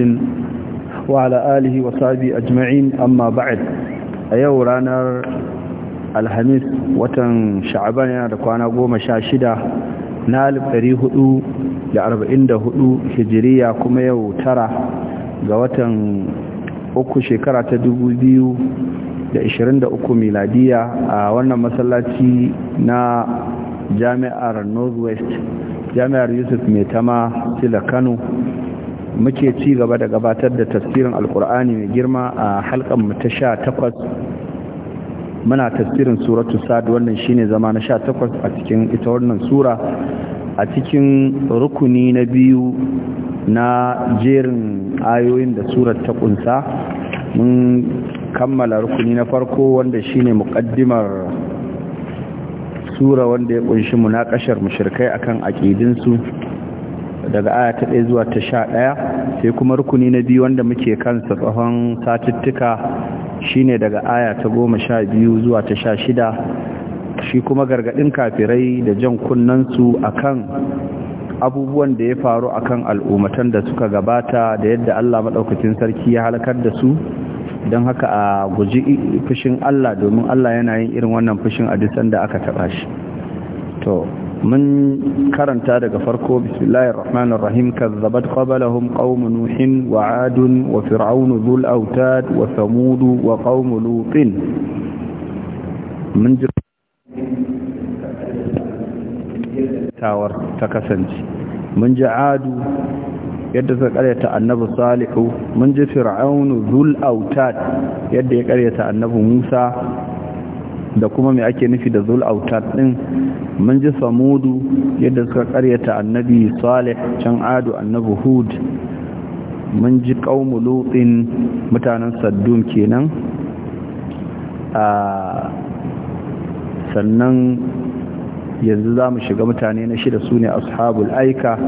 محمد وعلى آله وصحبه أجمعين أما بعد أيو رانر الحميث وطن شعبان يدقوانا قوم شاشدة نالب أريهدو لأربعين دهدو هجرية كميو ترى قواتن uku shekara ta dubu biyu da ishirin da uku miladiya a wannan masallaci na jami'ar northwest jami'ar yusuf mai tama sila muke ci gaba da gabatar da tafsirin alkur'ani mai girma a halkan mu ta sha takwas muna tafsirin suratu sad wannan shine zama na sha takwas a cikin ita wannan sura a cikin rukuni na biyu na jerin ayoyin da surar ta kunsa mun kammala rukuni na farko wanda shine muqaddimar sura wanda ya kunshi munakashar mushrikai akan aqidinsu daga aya ta ɗaya zuwa ta sha ɗaya sai kuma rukuni na biyu wanda muke kansa tsahon satuttuka shine daga aya ta goma sha biyu zuwa ta sha shida shi kuma gargaɗin kafirai da jan kunnansu kan abubuwan da ya faru a kan al'ummatan da suka gabata da yadda Allah maɗaukacin sarki ya halakar da su don haka a guji fushin Allah domin Allah yana yin irin wannan fushin a duk sanda aka taɓa shi to mun karanta daga farko bismillahir rahmanir rahim kazzabat qablahum qaum nuhin wa adun wa fir'aunu dhul autad wa thamud wa qaum lutin mun ji yadda suka karyata annabi salihu mun ji yadda ya karyata annabi musa da kuma mai ake nufi da zul autat din mun ji samudu yadda suka karyata annabi salih can adu annabi hud mun ji kaumu lutin mutanen saddun kenan a sannan yanzu za mu shiga mutane na shida su ne ashabul aika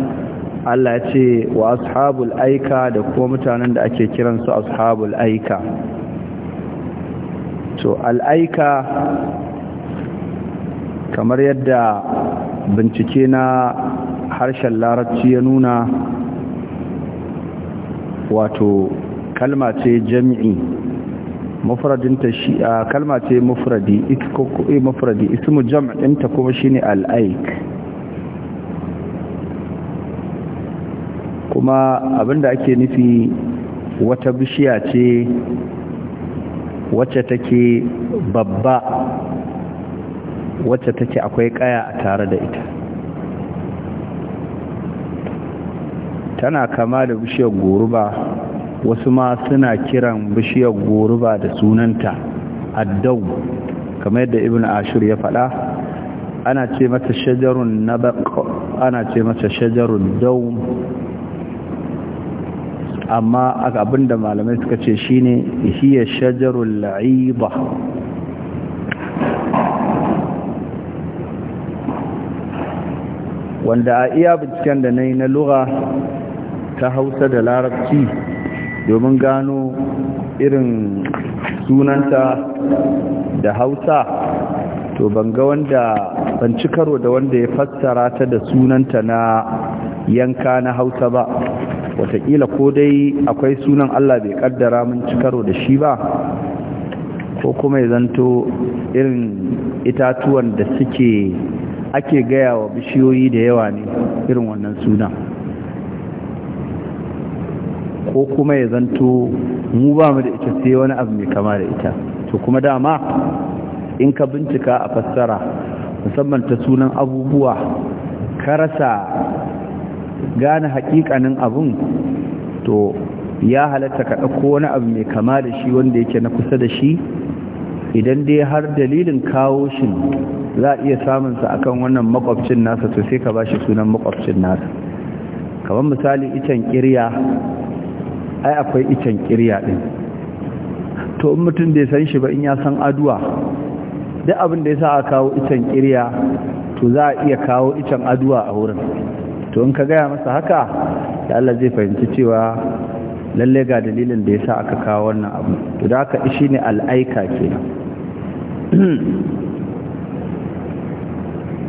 Allah ya ce wa ashabul aika da kuma mutanen da ake kiransu ashabul aika to al'aika kamar yadda bincike na harshen larabci ya nuna wato kalma ce jami'i mufradinta shi a kalma ce mufradi ikkokoe eh, mufradi ismu jam'inta kuma ne al'aik kuma abinda ake nufi wata bishiya ce wacce take babba wacce take akwai kaya a tare da ita tana kama da bishiyar goruba wasu ma suna kiran bishiyar goruba da sunanta addau kamar yadda ibn ashur ya faɗa ana ce mata shajarun nabaq ana ce mata shajarun daum amma da malamai suka ce shi shine hiya shajarun la'iba wanda a iya binciken da na yi na lura ta hausa da larabci domin gano irin sunanta da hausa to banga wanda ban ci karo da wanda ya fassara ta da sunanta na yanka na hausa ba Wataƙila ko dai akwai sunan Allah bai kaddara mun ci karo da shi ba ko kuma ya zanto irin itatuwan da suke ake gaya wa bishiyoyi da yawa ne irin wannan sunan? ko kuma ya zanto mu ba mu da ita sai wani abu mai kama da ita to kuma dama in ka bincika a fassara musamman ta sunan abubuwa ka rasa gane haƙiƙanin abun to ya halatta ka ɗauko wani abu mai kama da shi wanda yake na kusa da shi idan dai har dalilin kawo shi za a iya samunsa a kan wannan makwabcin nasa to sai ka ba shi sunan makwabcin nasa kamar misali icen kirya ai akwai icen kirya ɗin to in mutum da ya san shi ba in ya san aduwa duk abin da ya sa a kawo icen kirya to za a iya kawo icen aduwa a wurin to in ka gaya masa haka da Allah zai fahimci cewa lalle ga dalilin da ya sa aka kawo wannan abu to da ka ishi ne al'aika kenan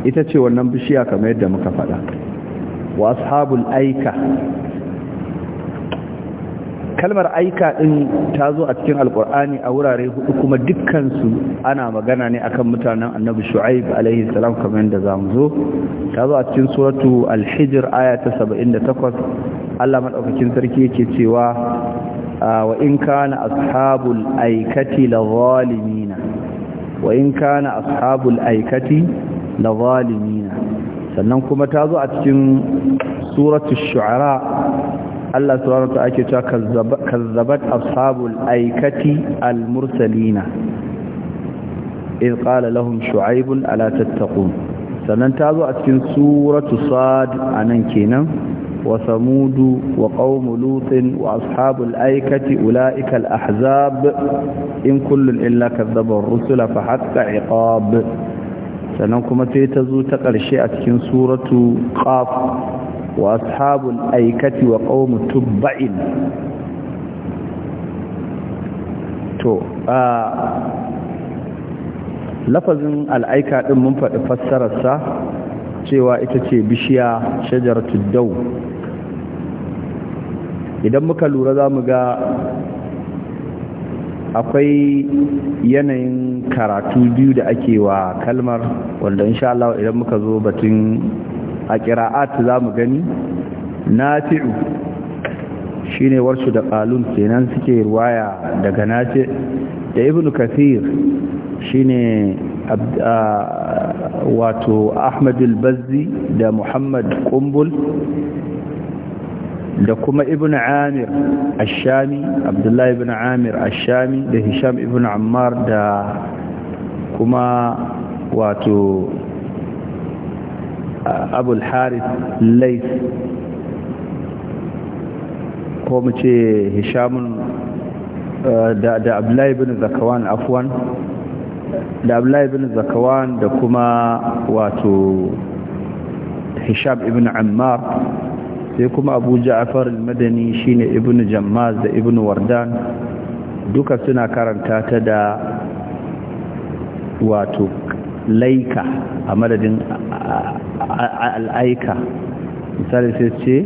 ita ce wannan bishiya kamar yadda muka faɗa wa ashabul aika kalmar aika din ta zo a cikin alkur'ani a wurare hudu kuma dukkansu ana magana ne akan mutanen annabi shu'aib alaihi salam kamar yadda za mu zo ta zo a cikin suratu alhijir aya ta takwas Allah madaukakin sarki yake cewa wa in kana ashabul aikati la zalimina wa in kana ashabul aikati la zalimina sannan kuma ta zo a cikin suratu shu'ara Allah subhanahu wa ake cewa kazzabat ashabul aikati al-mursalina iz qala lahum shu'aib ala tattaqun sannan ta zo a cikin suratu sad anan kenan wa samudu wa qaumu lutin wa ashabul aikati ulaika al-ahzab in kullun illa kazzaba ar-rusula fa hatta iqab sannan kuma sai ta zo ta ƙarshe a cikin suratu qaf wa ashabul aikati wa qaumu tubba'in to a lafazin al'aika din mun faɗi fassararsa cewa ita ce bishiya shajaratul daw idan muka lura za mu ga akwai yanayin karatu biyu da ake wa kalmar wanda insha Allah idan muka zo batun a ƙira'at za mu gani nafi'u shi ne warsu da ƙalun kenan suke ruwaya daga nace da ibn kathir shi ne ah, wato ahmadul bazzi da muhammad kumbul da kuma ibn amir ashami abdullahi ibn amir ashami da hisham ibn ammar da kuma wato abul harith lais ko mu ce hishamun eh, da abdullahi bin zakawan afwan da abdullahi bin zakawan da kuma wato hisham ibn ammar sai kuma abu ja'afar madani shine ibn jammaz da ibn wardan duka suna karanta ta da wato laika a madadin al'aika misali sai ce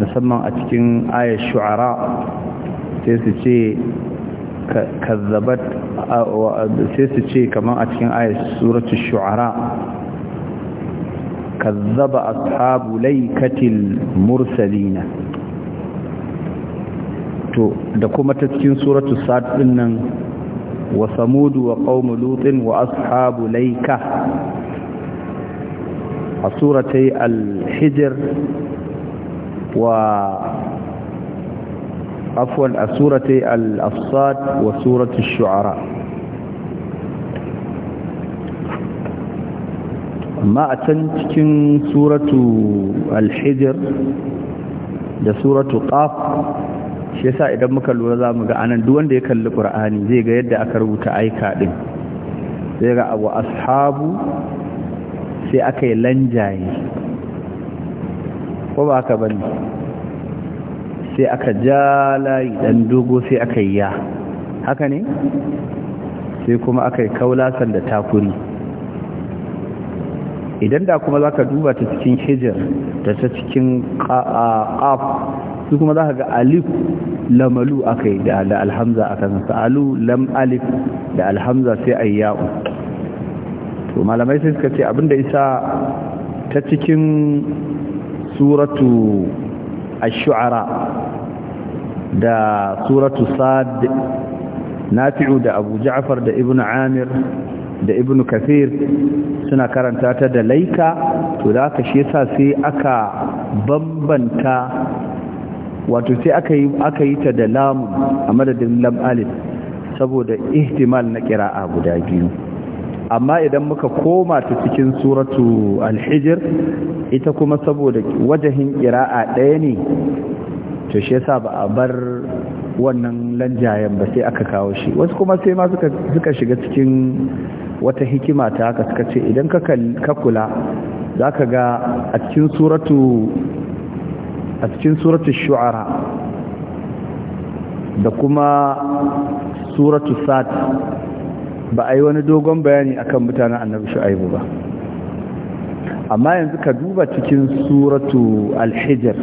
musamman a cikin ayar shu'ara sai su ce kazzabat sai su ce kamar a cikin ayar suratu shu'ara kazzaba ashabu laikatin mursalina to da kuma ta cikin suratu sat din nan wa samudu wa qaumu wa ashabu laika a suratai alhijir wa afwan a suratai al-assad wa suratul shu'ara amma a can cikin suratu alhijir da suratu qaf shi yasa idan muka lura za mu ga anan duk wanda ya kalli qur'ani zai ga yadda aka rubuta aika din zai ga abu ashabu sai aka yi lanjaye ko ba ka bane sai aka ja layi dan dogo sai aka yi ya haka ne sai kuma aka yi kaulasan da takuri idan da kuma za ka duba ta cikin hijir da ta cikin ƙaf su kuma za ka ga alif lamalu aka yi da alhamza a kansa alu lam alif da alhamza sai a yi to malamai sai suka ce abinda isa ta cikin suratu ash-shu'ara da suratu sad nafi'u da abu ja'far da ibnu amir da ibnu kafir suna karanta ta da laika to da aka shi yasa sai aka bambanta wato sai aka yi aka yi ta da lamu a madadin lam alif saboda ihtimal na qira'a guda biyu amma idan muka koma ta cikin suratu alhijir ita kuma saboda wajahin ƙira'a ɗaya ne to shi yasa ba a bar wannan lanjayen ba sai aka kawo shi wasu kuma sai ma suka shiga cikin wata hikima ta haka suka ce idan ka kula za ka ga a cikin suratu a cikin suratu shu'ara da kuma suratu sati ba a yi wani dogon bayani akan mutanen annabi shu'aibu ba amma yanzu ka duba cikin suratu alhijar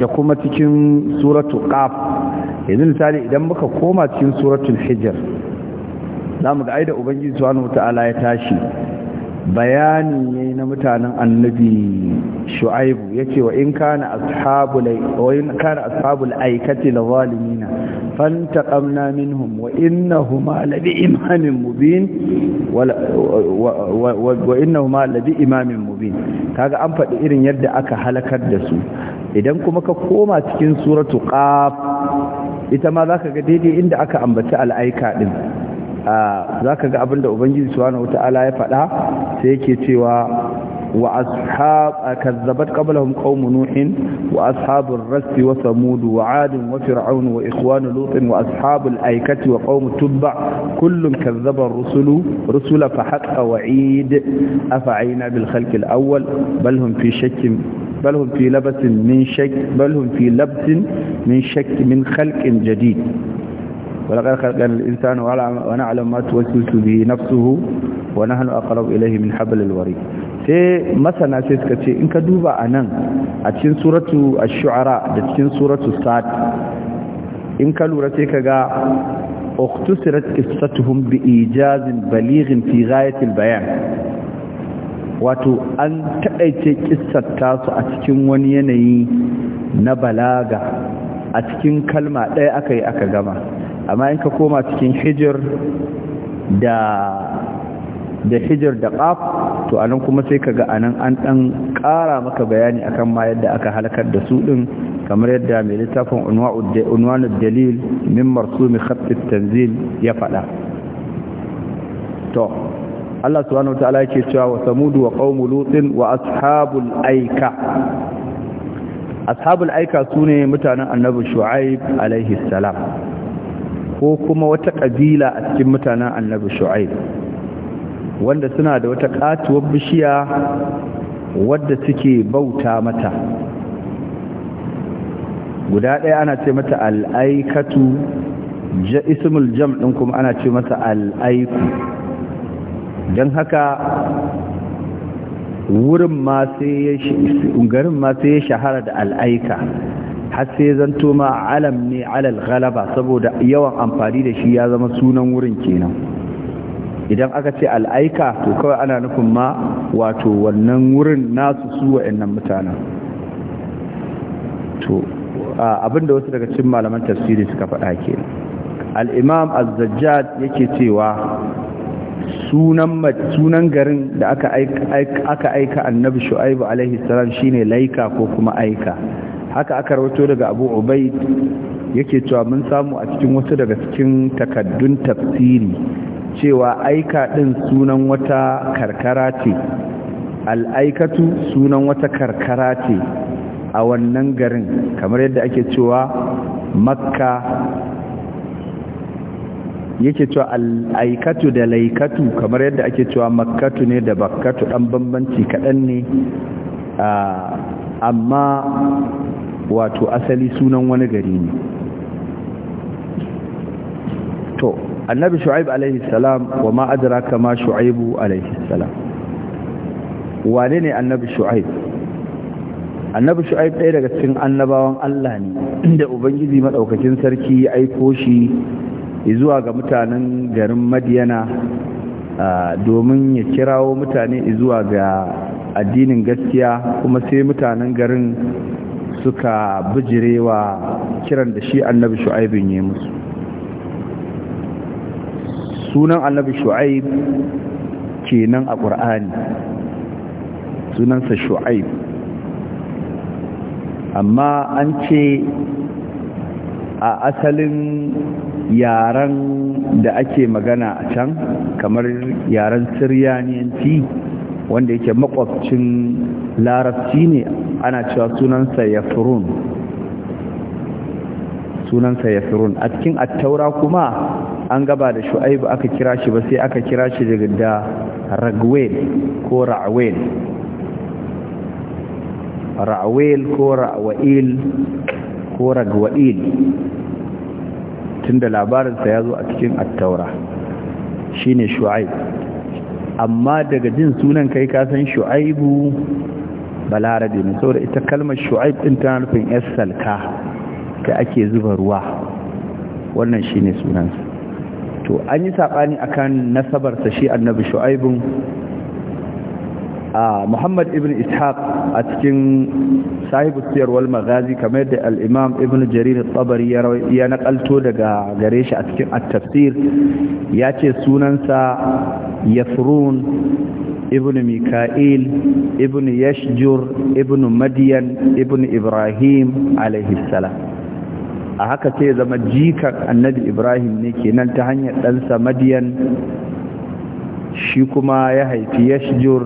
da kuma cikin suratu qaf yanzu misali idan muka koma cikin suratul hijar mu ga ai aida ubangiji subhanahu wataala ya tashi bayani ne na mutanen annabi shu'aibu yace wa in kana wa in kana ashabul aikati la zalimina fantaqamna minhum wa bi imamin mubin wa wa bi imamin mubin kaga an faɗi irin yadda aka halakar da su idan kuma ka koma cikin suratu qaf ita ma zaka ga daidai inda aka ambaci al'aika ɗin. za ka ga abinda ubangiji subhanahu wata'ala ya faɗa sai yake cewa wa ashab kazzabat qablahum qaum nuhin wa ashabur rass wa samud wa ad wa fir'aun wa ikhwan lut wa ashabul aikati wa qaum tubba kullun kazzaba ar-rusulu rusula fa haqa wa'id afa'ina bil khalq al-awwal bal hum fi shakkin bal hum fi لبس min shakk bal hum fi labsin min shakk min خلق jadid ولقد خلقنا الانسان ونعلم ما توسوس به نفسه ونحن اقرب اليه من حبل الوريد sai masana sai suka ce in ka duba a nan a cikin suratu ash-shu'ara da cikin suratu sad in ka lura sai ka ga اختصرت قصتهم بإيجاز بليغ في غاية البيان wato an taƙaice ƙissar tasu a cikin wani yanayi na balaga a cikin kalma ɗaya aka yi aka gama amma in ka koma cikin hijir da da hijir da qaf to anan kuma sai kaga anan an ɗan ƙara maka bayani akan ma yadda aka halakar da su ɗin kamar yadda mai littafin unwanud dalil min marsumi khatt tanzil ya faɗa? to Allah subhanahu wataala yake cewa wa samud wa qaum lutin wa ashabul aika ashabul aika sune mutanen annabi shu'aib alaihi salam ko kuma wata ƙabila a cikin mutanen annabi shu'aib wanda suna da wata katuwar bishiya wadda suke bauta mata guda ɗaya ana ce mata al'aikatu ismul jam'in kuma ana ce mata al'aiku don haka wurin ma sai ya shahara da al'aika har sai zanto ma alam ne alal ghalaba saboda yawan amfani da shi ya zama sunan wurin kenan idan aka ce al'aika to kawai ana nufin ma wato wannan wurin nasu su wa'annan mutanen to abinda wasu daga cikin malaman tafsiri suka faɗa ke al'imam az yake cewa sunan sunan garin da aka aika annabi shu'aibu alaihi salam shine laika ko kuma aika haka aka rawato daga abu ubaid yake cewa mun samu a cikin wasu daga cikin takaddun tafsiri cewa aika ɗin sunan wata karkara ce al'aikatu sunan wata karkara ce a wannan garin kamar yadda ake cewa makka yake cewa al'aikatu da laikatu kamar yadda ake cewa makkatu ne da bakkatu ɗan bambanci kaɗan ne ah, amma wato asali sunan wani gari ne to annabi shu'aib alaihi salam wa ma adraka ma shu'aibu alaihi salam wane ne annabi shu'aib annabi shu'aib ɗaya daga cikin annabawan Allah ne inda ubangiji madaukakin sarki ya aiko shi zuwa ga mutanen garin madiyana domin ya kirawo mutane zuwa ga addinin gaskiya kuma sai mutanen garin suka bijirewa kiran da shi annabi shu'aibin ya musu sunan annabi shu'aib kenan a ƙur'ani sunansa shu'aib amma an ce a asalin yaren da ake magana a can kamar yaren siriyaniyanci wanda yake makwabcin larabci ne ana cewa sunansa ya furun sunansa ya furun a cikin attaura kuma an gaba da shu'aibu aka kira shi ba sai aka kira shi daga da ragwel ko ra'wel ra'wel ko ra'wa'il ko ragwa'il tunda labarinsa ya zo a cikin attaura shine shu'aibu amma daga jin sunan kai ka san shu'aibu balarabe ne saboda ita kalmar shu'aib din tana nufin yar salka kai ake zuba ruwa wannan shine sunansa to an yi sabani akan sa shi annabi shu'aibun a muhammad ibn ishaq a cikin sahibu siyar magazi kamar da al'imam ibn jarir tsabari ya nakalto daga gare shi a cikin at ya ce sunansa yasrun ibn mika'il ibn yashjur ibn madiyan ibn ibrahim alaihissalam a haka sai zama jikan annabi ibrahim ne kenan ta hanyar ɗansa madiyan shi kuma ya haifi yashjur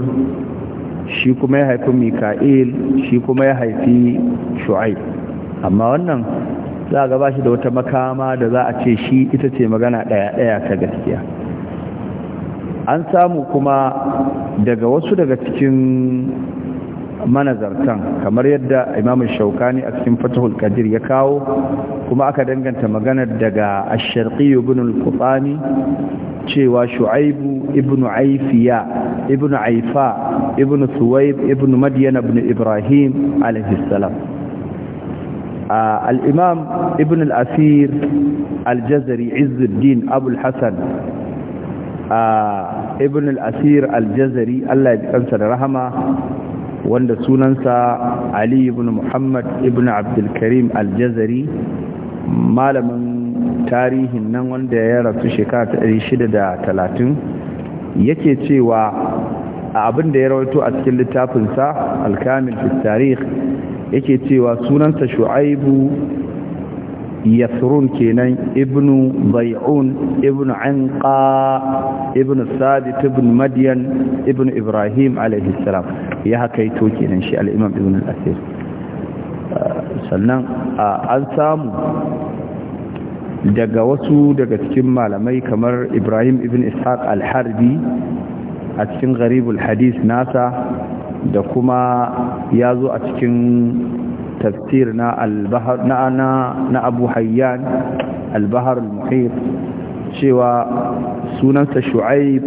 shi kuma ya haifi mika'il shi kuma ya haifi shu'aib amma wannan za a gaba shi da wata makama da za a ce shi ita ce magana ɗaya-ɗaya ta gaskiya an samu kuma daga wasu daga cikin manazartan kamar yadda imamu shaukani a cikin fatahul kadir ya kawo kuma aka danganta maganar daga asharki ibn al-kufani cewa shu'aibu ibn aifiya ibn aifa ibn suwaib ibn madyan ibn ibrahim alaihi salam al-imam ibn al-asir al-jazari izzuddin abu hasan ibn al-asir al-jazari Allah ya bi kansa da rahama wanda sunansa Ali ibn Muhammad ibn Abdul Karim Al-Jazari malamin tarihin nan wanda ya rasu shekara ta 630 yake cewa abin da ya rawaito a cikin littafinsa Al-Kamil fi yake cewa sunansa Shu'aibu yasrun kenan ibnu bai'un ibnu anqa ibnu sabit ibnu madyan ibnu ibrahim alaihi salam ya hakaito kenan shi al-imam ibnu al-asir uh, sannan uh, an samu daga wasu daga cikin malamai kamar ibrahim ibn ishaq al-harbi a cikin gharibul hadith nasa da kuma ya zo a cikin tafsir na البحر نا abu hayyan albahar البحر المحيط cewa sunansa shu'aib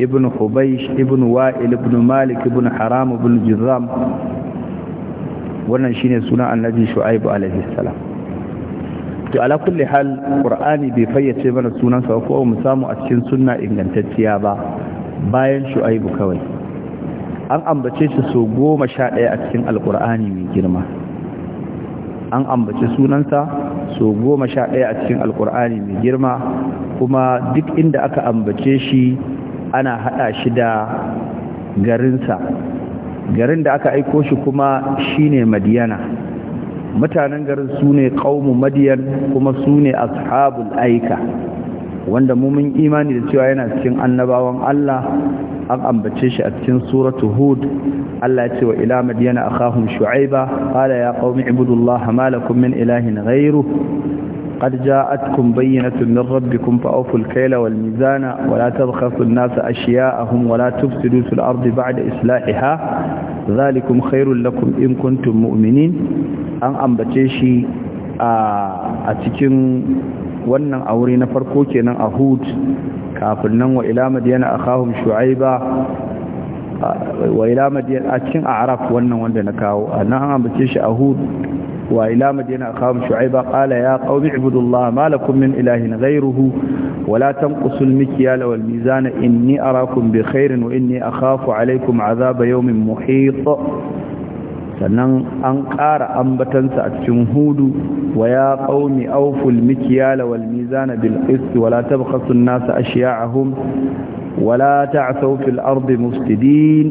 ibn hubaish ابن wa'il ابن malik ibn haram ابن جرام wannan shine sunan annabi shu'aib alaihi salam to ala kulli hal qur'ani bai fayyace mana sunan sunansa ko mu samu a cikin sunna ingantacciya ba bayan shu'aibu kawai an ambace shi so goma sha ɗaya a cikin alqur'ani mai girma an ambaci sunansa so goma sha ɗaya a cikin alkur'ani mai girma kuma duk inda aka ambace shi ana haɗa shi da garinsa garin da aka aiko shi kuma shi ne madiyana mutanen garin su ne ƙaumu madiyan kuma su ne ashabul aika wanda mumin imani da cewa yana cikin annabawan Allah an ambace shi a cikin suratu hud Allah ya ce wa ila madiyana akhahum shu'aiba qala ya qaumi ibudullaha ma lakum min ilahin ghayru qad ja'atkum bayyinatun min rabbikum fa'ful kayla wal mizana wa la a an-nasa ashya'ahum wa ardi ba'da islahiha dhalikum khayrun lakum in kuntum mu'minin an ambace shi a cikin wannan aure na farko kenan a hud kafin nan wa ila a akhahum shu'aiba wa ila a cikin a'raf wannan wanda na kawo annan an ambace shi a hud wa ila madiyana akhahum shu'aiba kala ya qaumi ibudullah ma min ilahin ghayruhu wa la tanqusul mikyala wal mizana inni arakum bi khairin wa inni akhafu alaykum adhaba yawmin muhit sannan an ƙara ambatansa a cikin hudu wa ya qaumi awful mikyala wal mizana bil qist wa tabkhasu an-nasa ashya'ahum wala la ta'thaw fil ardi mufsidin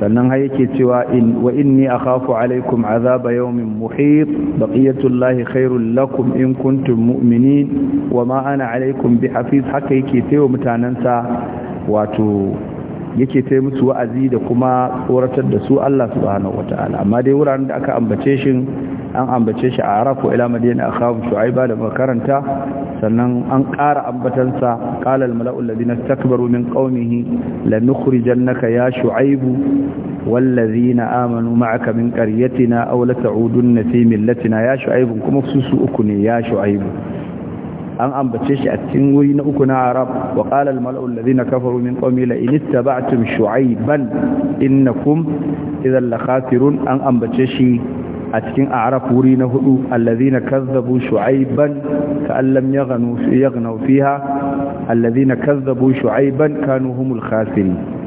sannan har yake cewa in wa inni akhafu alaikum azaba yawmin muhit baqiyatullahi khairul lakum in kuntum mu'minin wa ma ana alaikum bihafiz haka yake cewa mutanansa wato yake ta musu wa'azi da kuma tsoratar da su Allah subhanahu wata'ala amma dai wuraren da aka ambace shi an ambace shi a arafu ila madina akhahu shu'aiba da makaranta sannan an ƙara ambatansa qala al-mala'u alladhina istakbaru min qaumihi lanukhrijannaka ya shu'aibu wallazina amanu ma'aka min qaryatina aw la ta'udunna fi millatina ya shu'aibu kuma su su uku ne ya shu'aibu an ambace shi a cikin wuri na uku na arab wa qala al mala'u alladhina kafaru min qawmi la in ittaba'tum shu'ayban innakum idhan la an ambace shi a cikin arab wuri na hudu alladhina kazzabu shu'ayban ka'an lam yaghnu yaghnu fiha alladhina kazzabu shu'ayban kanu humul khasirin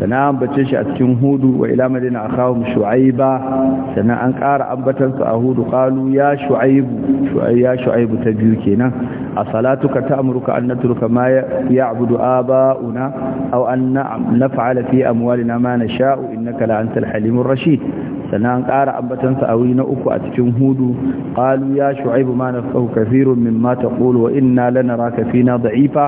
sana ambace shi a cikin hudu wa ila madina akhahum shu'aiba sana an ƙara ambatan su a hudu qalu ya shu'aibu shu'ai shu'aibu ta biyu kenan a salatuka ta'muruka an natruka ma ya'budu aba'una aw an naf'ala fi amwalina ma nasha'u innaka la antal halimur rashid sannan ƙara ambatansa a wuri na uku a cikin hudu qalu ya shu'aibu ma nafsahu kathirun mimma taqulu wa inna lanaraka fina da'ifa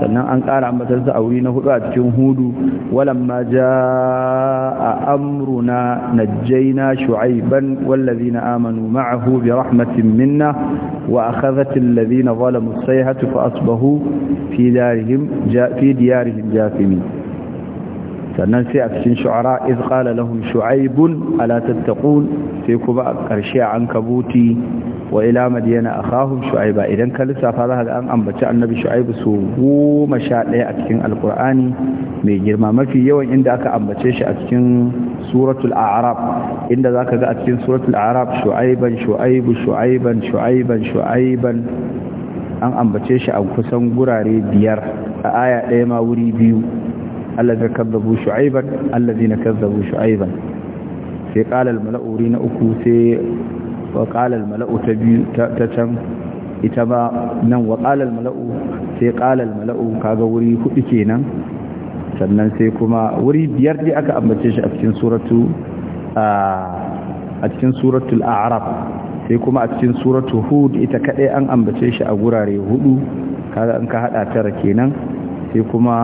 sannan an ƙara ambatansa a wuri na hudu a cikin hudu walamma jaa amruna najjayna shu'aiban wallazina amanu ma'ahu bi rahmatin minna wa akhadhat alladhina zalamu as-sayhatu fa asbahu fi darihim fi diyarihim jathimin sannan sai a cikin shu'ara iz qala lahum shu'aibun ala tattaqun sai kuma a ƙarshe an kabuti wa ila madiyana akhahum shu'aiba idan ka lissafa za ga an ambaci annabi shu'aibu su goma sha ɗaya a cikin alqur'ani mai girma mafi yawan inda aka ambace shi a cikin suratul a'raf inda zaka ga a cikin suratul arab shu'aiban shu'aibu shu'aiban shu'aiban shu'aiban an ambace shi a kusan gurare biyar a aya ɗaya ma wuri biyu alladhi kadzabu shu'ayban alladhina kadzabu shu'ayban sai qala al-mala'u na uku sai wa qala al-mala'u ta ta can ita ba nan wa qala al-mala'u sai qala al-mala'u kaga wuri hudu kenan sannan sai kuma wuri biyar dai aka ambace shi a cikin suratu a cikin suratul a'raf sai kuma a cikin suratu hud ita kadai an ambace shi a gurare hudu kaga an ka hada tara kenan sai kuma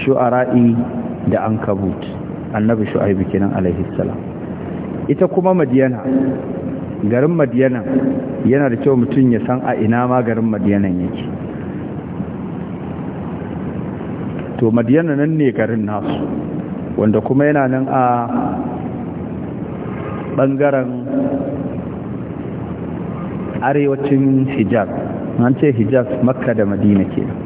shu'ara'i da ankabut annabi shu'aibu kenan alaihi salam ita kuma madiyana garin madiyana yana da kyau mutum ya san a ina ma garin madiyanan yake to madiyana nan ne garin nasu wanda kuma yana nan a bangaren arewacin hijab an ce hijab makka da madina kenan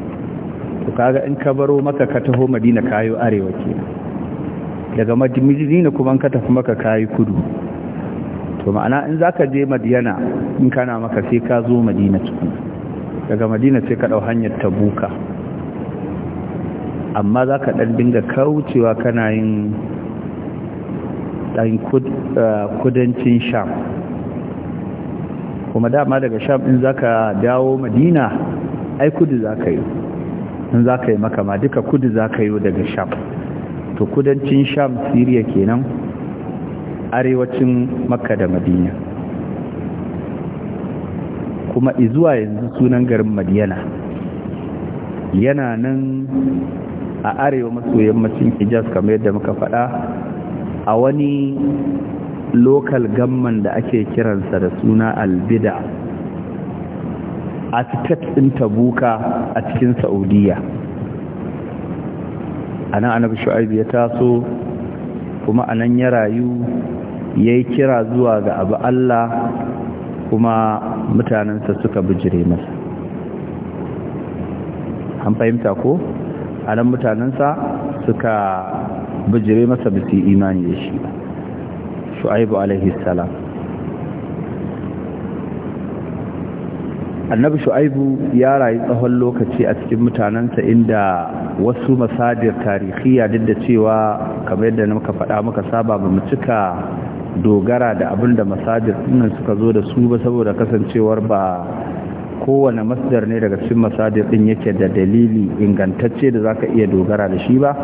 to kaga in ka baro maka ka taho madina kayo arewa ke daga madina kuma ka tafi maka kayi kudu to ma'ana in zaka je madina in kana maka sai ka zo madina tukuna daga madina sai ka dau hanyar tabuka amma zaka ka ɗan dinga kaucewa kana yin ɗan eh, kudancin sham kuma dama daga sham in zaka dawo madina ai kudu za yi in za ka yi maka ma duka kudu za ka yi daga sham to kudancin sham siriya kenan arewacin makka da madina kuma izuwa yanzu sunan garin madiyana yana nan a arewa maso yammacin hijaz kamar yadda muka faɗa a wani lokal gamman da ake kiransa da suna albida a state ɗin tabuka a cikin saudiya a nan annabi shu'aib ya taso kuma a nan ya rayu ya yi kira zuwa ga abu allah kuma mutanensa suka bijire masa an fahimta ko a nan mutanensa suka bijire masa bisi imani da shi shu'aibu alaihi salam annabi shu'aibu ya rayu tsawon lokaci a cikin mutanensa inda wasu masadir tarihiya duk da cewa kamar yadda muka faɗa muka saba ba mu cika dogara da abin da masadir nan suka zo da su ba saboda kasancewar ba kowane masadar ne daga cikin masadir ɗin yake da dalili ingantacce da zaka iya dogara da shi ba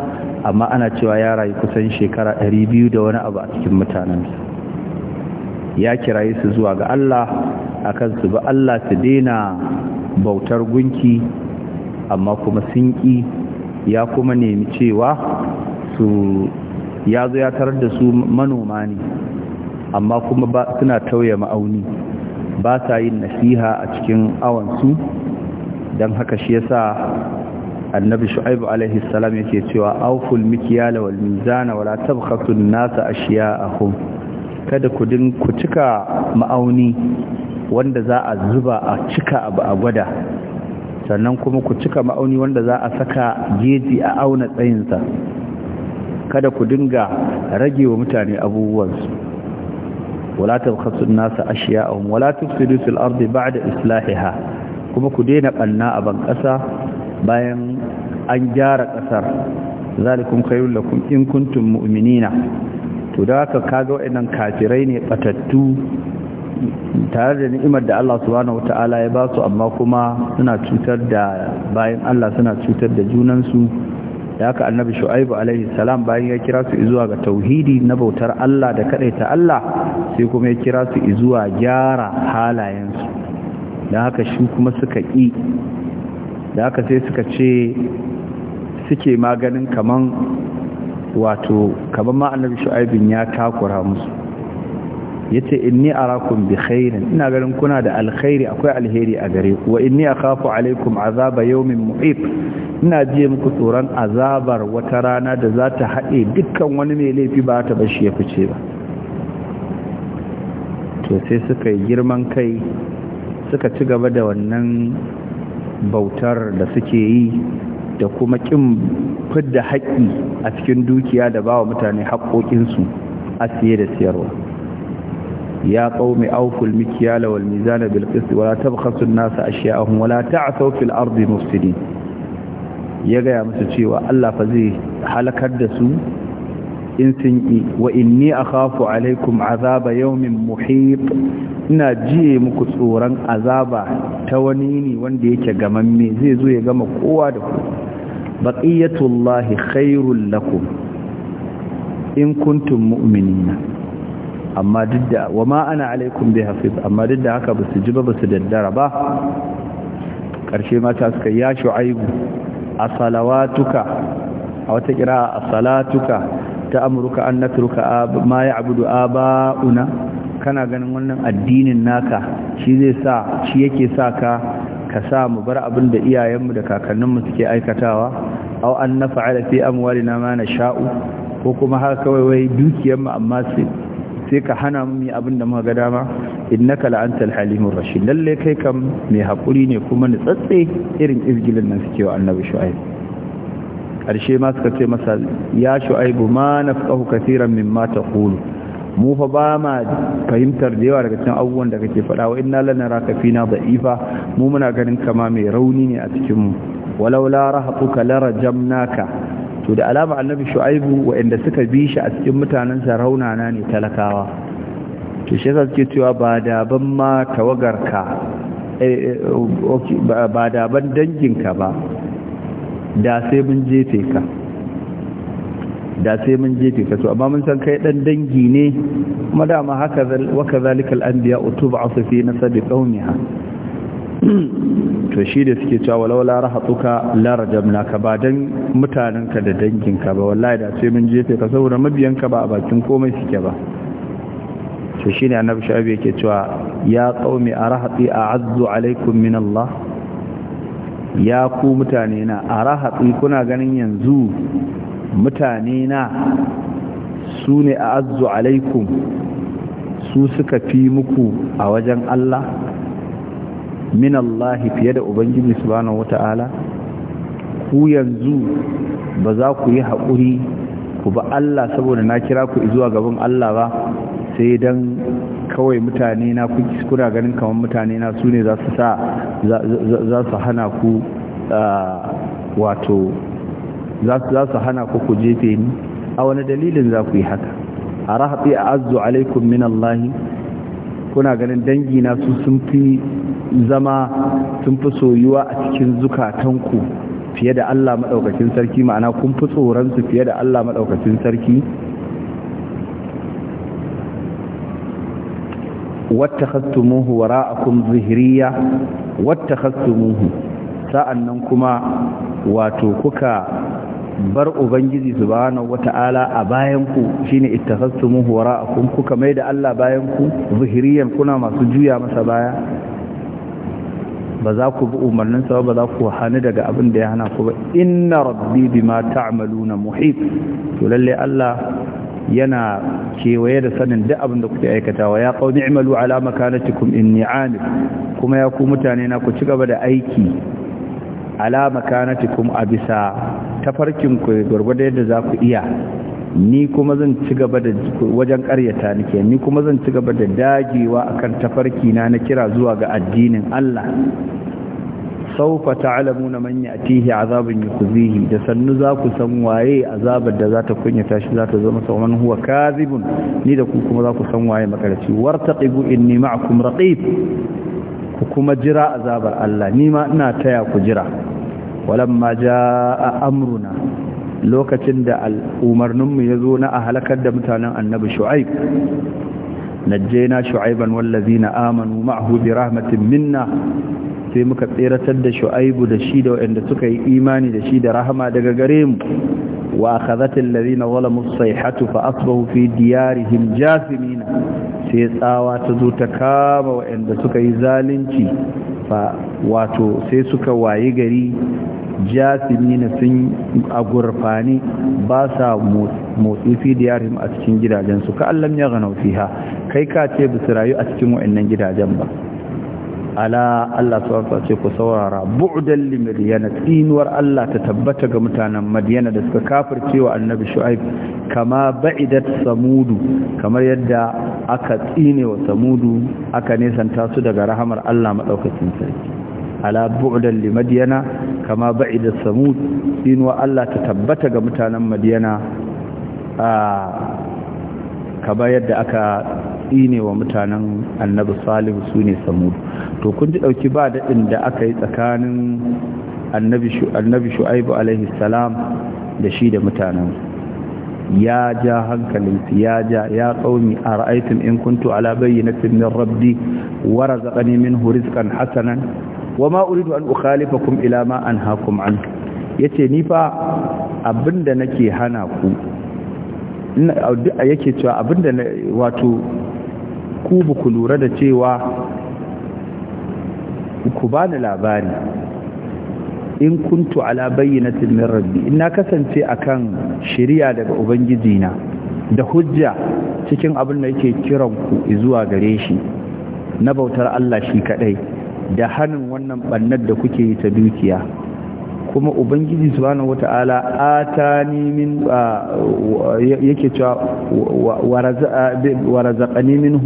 amma ana cewa ya rayu kusan shekara 200 da wani abu a cikin mutanensa ya kiraye su zuwa ga Allah akan su ba Allah su daina bautar gunki amma kuma sun ƙi ya kuma nemi cewa su ya zo ya tarar da su manoma ne amma kuma ba suna tauye ma'auni ba sa yin nasiha a cikin awansu don haka shi yasa annabi shu'aibu alaihi salam yake cewa auful mikyala wal mizana wala tabkhasu an-nasa ashiya'ahum kada ku din ku cika ma'auni wanda za a zuba a cika abu a gwada sannan kuma ku cika ma'auni wanda za a saka geji a auna tsayinsa kada ku dinga rage wa mutane abubuwansu wala tabkhasu an-nasa ashya'ahum wala tufsidu fil ardi ba'da islahiha kuma ku daina banna a ban kasa bayan an gyara kasar zalikum khayrun lakum in kuntum mu'minina to da haka kaga waɗannan kafirai ne batattu tare da ni'imar da Allah subhanahu wata'ala ya ba su amma kuma suna cutar da bayan Allah suna cutar da junansu da haka annabi shu'aibu alaihi salam bayan ya kira su zuwa ga tauhidi na bautar Allah da ta Allah sai kuma ya kira su zuwa gyara halayensu da haka shi kuma suka ƙi da haka sai suka ce suke maganin kaman wato kamar ma annabi shu'aibin ya takura musu yace inni arakum bi khairin ina garin kuna da alkhairi akwai alheri a gare ku wa inni akhafu alaikum azaba yawmin mu'ib? ina ji muku tsoron azabar wata rana da za ta haɗe dukkan wani mai laifi ba ta bashi ya fice ba to sai suka yi girman kai suka ci gaba da wannan bautar da suke yi da kuma ƙin fidda haƙƙi a cikin dukiya da bawa mutane haƙoƙinsu a siye da siyarwa ya qaumi awful mikyala wal mizana bil qist wa la tabkhasu an-nasa ashya'ahum wa la ta'thaw fil ardi mufsidin ya gaya musu cewa Allah fa zai halakar da su in sun yi wa inni akhafu alaikum azaba yawmin muhit ina jiye muku tsoron azaba ta wani ne wanda yake gamamme zai zo ya gama kowa da kowa baqiyatullahi khairul lakum in kuntum mu'minina amma didda wama ana alaikum bi hafiz amma didda haka haka basu ji ba basu daddara ba karshe mata suka ya shu'aibu asalawatuka a wata kira salatuka ta amruka an natruka ma ya'budu aba'una kana ganin wannan addinin naka shi zai sa shi yake sa ka ka sa mu bar abin da iyayenmu da kakanninmu suke aikatawa au an naf'ala fi amwalina ma nasha'u ko kuma har kawai wai dukiyarmu amma sai ka hana mu mi abin da muka ga dama innaka la antal halimur rashid lalle kai kam mai hakuri ne kuma tsatse irin izgilin nan suke wa annabi shu'aib karshe ma suka ce masa ya shu'aibu ma nafqahu ma mimma taqulu mu fa ba ma fahimtar da yawa daga cikin abubuwan da kake faɗa wa inna raka fina da'ifa mu muna ganin kama mai rauni ne a cikin mu walau la rahatuka to da alama annabi shu'aibu wa'anda suka bi shi a cikin mutanen sa na ne talakawa to shi yasa suke cewa ba da ban ma tawagarka eh, eh, ba da ban danginka ba da sai mun jefe ka da sai mun jefe ka amma mun san kai dan dangi ne kuma dama haka waka al anbiya utub'u fi nasab qaumiha to shi da suke cewa walawala rahatuka la rajamnaka ba dan ka da danginka ba wallahi da sai mun jefe ka saboda mabiyanka ba a bakin komai suke ba to shine annabi shabi yake cewa ya qaumi arhati a'azzu alaikum min Allah ya ku mutane na arahati kuna ganin yanzu mutane na su ne a azu alaikum su suka fi muku a wajen Allah min Allah fiye da Ubangiji subhanahu ta'ala, ku yanzu ba za ku yi haƙuri ku ba Allah saboda na kira ku zuwa gaban Allah ba sai dan kawai mutane na kuna ganin kamar mutane na su ne za su hana ku ah, wato za su hana ku ku jefe ni a wani dalilin za ku yi haka a rahatsi a azu alaikum min kuna ganin dangi na su sun fi zama sun fi soyuwa a cikin zukatanku fiye da Allah maɗaukacin sarki ma'ana kun fi tsoronsu fiye da Allah maɗaukacin sarki wattakhastumuhu wara'akum zihriya sa'an sa'annan kuma wato kuka bar ubangiji subhanahu wata'ala a bayan ku shine ittakhasumuhu wara'akum kuka mai da Allah bayan ku zuhiriyan kuna masu juya masa baya ba za ku bi umarnin sa ba za ku hani daga abin da ya hana ku ba inna rabbi bima ta'maluna muhit to lalle Allah yana kewaye da sanin duk abin da kuke wa ya qaumi i'malu ala makanatikum inni 'amil kuma ya ku mutane na ku ci gaba da aiki ala makanatikum a bisa tafarkin ku gurgurda yadda za ku iya ni kuma zan ci gaba da wajen ƙaryata nake ni kuma zan ci gaba da dagewa akan tafarki na na kira zuwa ga addinin Allah saufa ta'lamuna man ya'tihi azabun yukhzihi da sannu za ku san waye azabar da za ta kunyata tashi za ta zama sauman huwa kadhibun ni da ku kuma za ku san waye makaraci wartaqibu inni ma'akum raqib ku kuma jira azabar Allah Nima ina taya ku jira walamma jaa amruna lokacin da al'umarninmu ya zo na a halakar da mutanen annabi shu'aib najjayna shu'ayban wallazina amanu ma'ahu bi rahmatin minna sai muka tseratar da shu'aibu da shi da waɗanda suka yi imani da shi da rahama daga gare mu wa wala ladina zalamu sayhatu fa asbahu fi diyarihim jathimin sai tsawa ta zo ta kama waɗanda suka yi zalunci fa wato sai suka wayi gari na sun a gurfani ba sa motsi fi diyarim a cikin gidajen su ka allam ya gano ha kai ka ce bisu rayu a cikin wa'annan gidajen ba ala Allah sauransa ce ku saurara bu'dan li tsinuwar Allah ta tabbata ga mutanen madiyana da suka kafirce cewa annabi shu'aib kama ba'idat samudu kamar yadda aka tsine wa samudu aka nesanta su daga rahamar Allah madaukakin sarki ala bu'dan li kama ba'ida samud inuwa Allah ta tabbata ga mutanen madiyana a kaba yadda aka tsinewa wa mutanen annabi salihu su ne samud to kun ji ɗauki ba daɗin da aka yi tsakanin annabi shu'aibu alaihi salam da shi da mutanen ya ja su, ya ja ya tsauni a ra'aitin in kuntu ala bayyanatin min rabbi wa razaqani minhu rizqan hasanan wa ma uridu an ukhalifakum ila ma anhaakum an yace ni fa abinda nake hana ku yake cewa abinda wato ku bu ku lura da cewa ku bani labari in kuntu ala bayyinatin min rabbi in na kasance akan shari'a daga ubangiji na da hujja cikin abin da yake kiran ku zuwa gare shi na bautar Allah shi kadai da hannun wannan bannar da kuke yi ta dukiya kuma ubangiji subhanahu wata'ala atani min yake cewa warazaqani min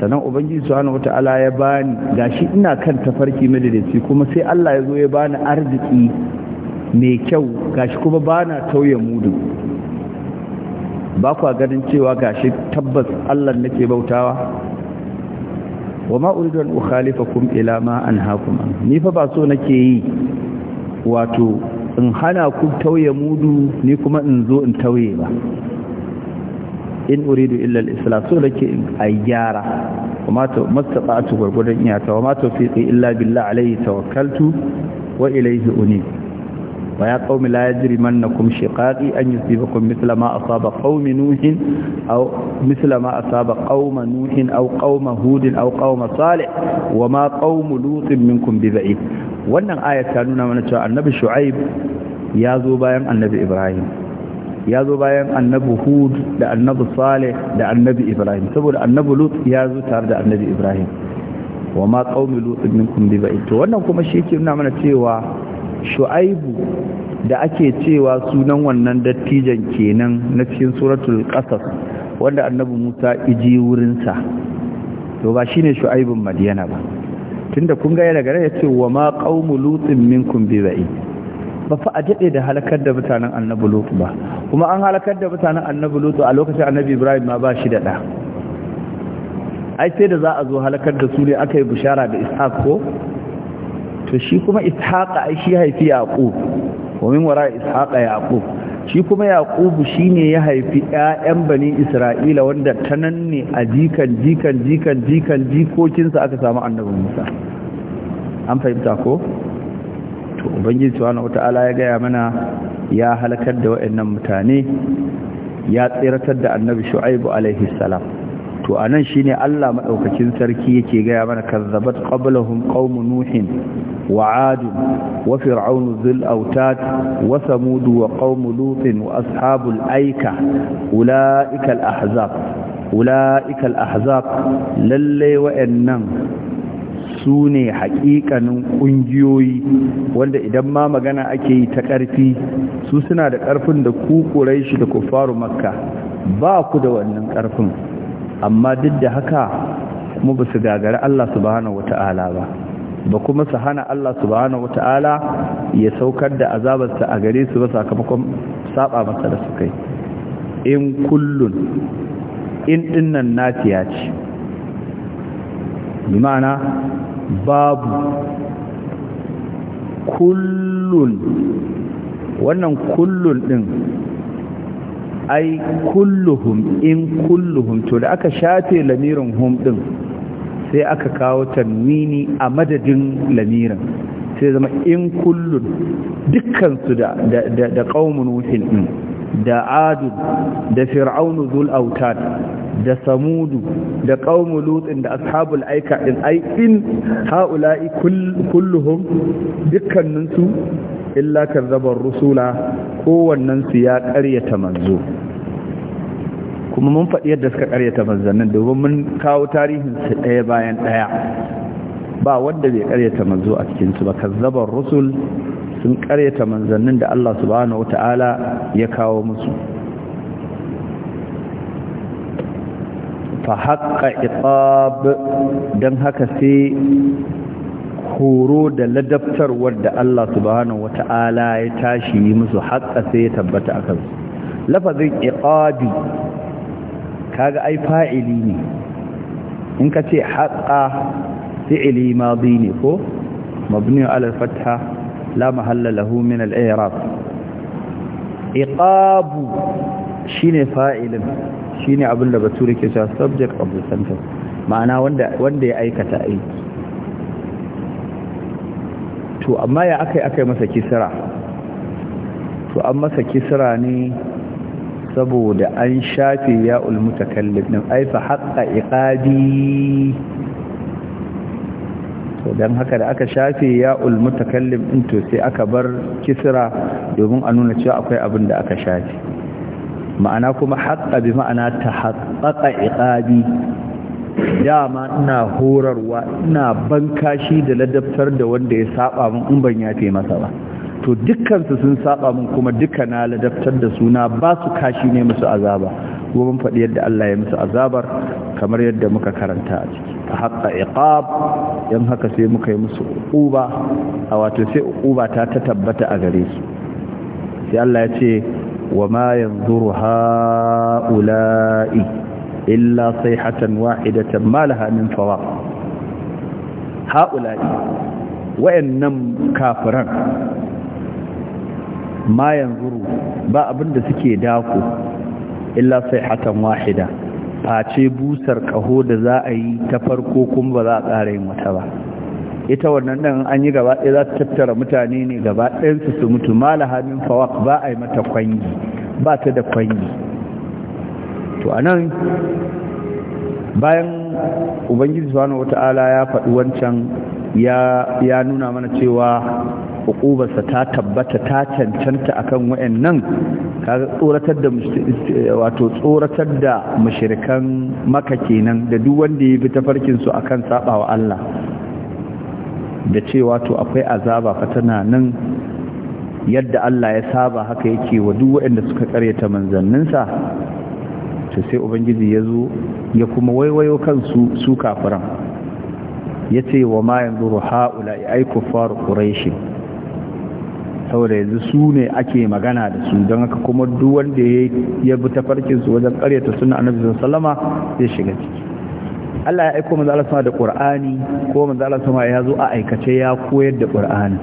sannan ubangiji subhanahu wata'ala ya bani gashi ina kan tafarki madadaci kuma sai Allah ya zo ya bani arziki mai kyau gashi kuma bana tauye mudu ba kwa ganin cewa gashi tabbas Allah nake bautawa wa ma don an ukhalifakum ila ma ni fa ba so nake yi wato in hana ku tauye mudu ni kuma in zo in tauye ba in uridu illa al-islah so nake in ayyara kuma to mastata'atu gurgurdan iyata wa ma tawfiqi illa billah alayhi tawakkaltu wa ilayhi unib wa ya qaumi la yajrimannakum shiqaqi an yusibakum mithla ma asaba qaumi nuhin aw mithla ma asaba qauma nuhin aw qauma hudin aw qauma salih wa ma qaumu lutin bi wannan aya ta nuna mana cewa annabi shu'aib ya zo bayan annabi ibrahim ya zo bayan annabi hud da annabi salih da annabi ibrahim saboda annabi lut ya zo tare da annabi ibrahim wa ma qaumi lut minkum bi ba'id to wannan kuma shi yake nuna mana cewa shu'aibu da ake cewa sunan wannan dattijan kenan na cikin suratul qasas wanda annabi Musa iji wurinsa to ba shine shu'aibun madiyana ba tunda kun ga daga rai ce wa ma qaumu lutin minkum bi ba'i ba fa a dade da halakar da mutanen annabi lut ba kuma an halakar da mutanen annabi lut a lokacin annabi ibrahim ma ba shi da da ai sai da za a zo halakar da su ne aka yi bishara da ishaq ko to shi kuma ishaqa ai shi haifi yaqub wa min wara ishaqa yaqub shi kuma yaqub shine ya haifi ƴaƴan bani isra'ila wanda tananne ne a jikan jikan jikan jikan jikokin sa aka samu annabi Musa an fahimta ko to ubangiji subhanahu wataala ya gaya mana ya halakar da waɗannan mutane ya tsiratar da annabi shu'aibu alaihi salam to anan shine Allah Maɗaukacin sarki yake gaya mana kazzabat qablahum qaum nuhin wa ad wa fir'aun dhil autat wa samud wa wa ashabul aika ulaika al ahzab ulaika al ahzab lalle wa'annan su ne hakikanin ƙungiyoyi wanda idan ma magana ake yi ta ƙarfi su suna da ƙarfin da ku ƙurai shi da kufaru makka ba ku da wannan ƙarfin amma duk da haka kuma ba su gagari Allah subhanahu ta'ala ba ba kuma su hana Allah subhanahu ta'ala ya saukar da azabarsa a gare su ba sakamakon saba masa da su kai in kullun in dinnan natiya ce bi ma'ana babu kullun wannan kullun din ai kulluhum in kulluhum to da aka shafe lamirin hum din sai aka kawo tanwini a madadin lamirin sai zama in kullun dukkan su da da da qaumun wuhin da adu da fir'aunu zul autad da samudu da qaumu lutin da ashabul aika din ai in haula'i kulluhum dukkaninsu illa kazzabar rusula su ya ƙaryata manzo kuma mun faɗi yadda suka ƙaryata manzannin domin mun kawo tarihinsu ɗaya bayan ɗaya ba wanda bai ƙaryata manzo a cikinsu ba kazzabar rusul sun karyata manzannin da Allah subhanahu wata'ala ya kawo musu fa haƙa iqab don haka sai horo da ladabtarwar da Allah subhanahu wata'ala ya tashi musu haƙa sai ya tabbata a kansu lafazin iqabi kaga ai fa'ili ne in ka ce haƙa fi'ili madi ne ko mabni ala fatha la mahalla lahu min al-i'rab iqabu shine fa'ilin shine abinda bature ke cewa subject of the ma'ana wanda ya aikata aiki to amma ya akai akai masa kisra to an masa kisra ne saboda an shafe ya ulmutakallim din ai fa haqqa iqabi to don haka da aka shafe ya mutakallim in to sai aka bar kisra domin a nuna cewa akwai abin da aka shafe ma'ana kuma haƙa bi ma'ana ta haƙaƙa iƙabi dama ina horarwa ina bankashi da ladabtar da wanda ya saba min in ban yafe masa ba to dukkansu sun saba min kuma duka na ladabtar da suna ba su kashi ne musu azaba kuma mun faɗi yadda Allah ya musu azabar kamar yadda muka karanta a ciki fa haqqa iqab yan haka sai muka yi musu uba, a wato sai uba ta ta tabbata a gare su sai Allah ya ce wa ma yanzuru haula'i illa sayhatan wahidatan ma laha min fawaq haula'i wayannan kafiran ma yanzuru ba abinda suke dako illa sai hatan wahida face busar kaho da za a yi ta farko kuma ba za a tsara yin wata ba ita wannan dan an yi gaba ɗaya za ta tattara mutane ne gaba ɗayansu su mutu malaha min fawaq ba a yi mata kwangi ba ta da kwangi to anan bayan ubangiji subhanahu wata'ala ya faɗi wancan ya nuna mana cewa hukubarsa ta tabbata ta cancanta akan wayannan ka tsoratar da wato tsoratar da mushrikan maka kenan da duk wanda ya bi tafarkin su akan sabawa Allah da cewa to akwai azaba fatana nan yadda Allah ya saba haka yake wa duk waɗanda suka karyata manzanninsa to sai ubangiji ya zo ya kuma waiwayo kansu su kafiran ya ce wa ma yanzu ha'ula ya aiku faru saboda yanzu su ne ake magana da su don haka kuma duk wanda ya bi farkin su wajen karyata sunna annabi sallama zai shiga ciki Allah ya aiko manzo Allah sama da Qur'ani ko manzo Allah sama ya zo a aikace ya koyar da Qur'ani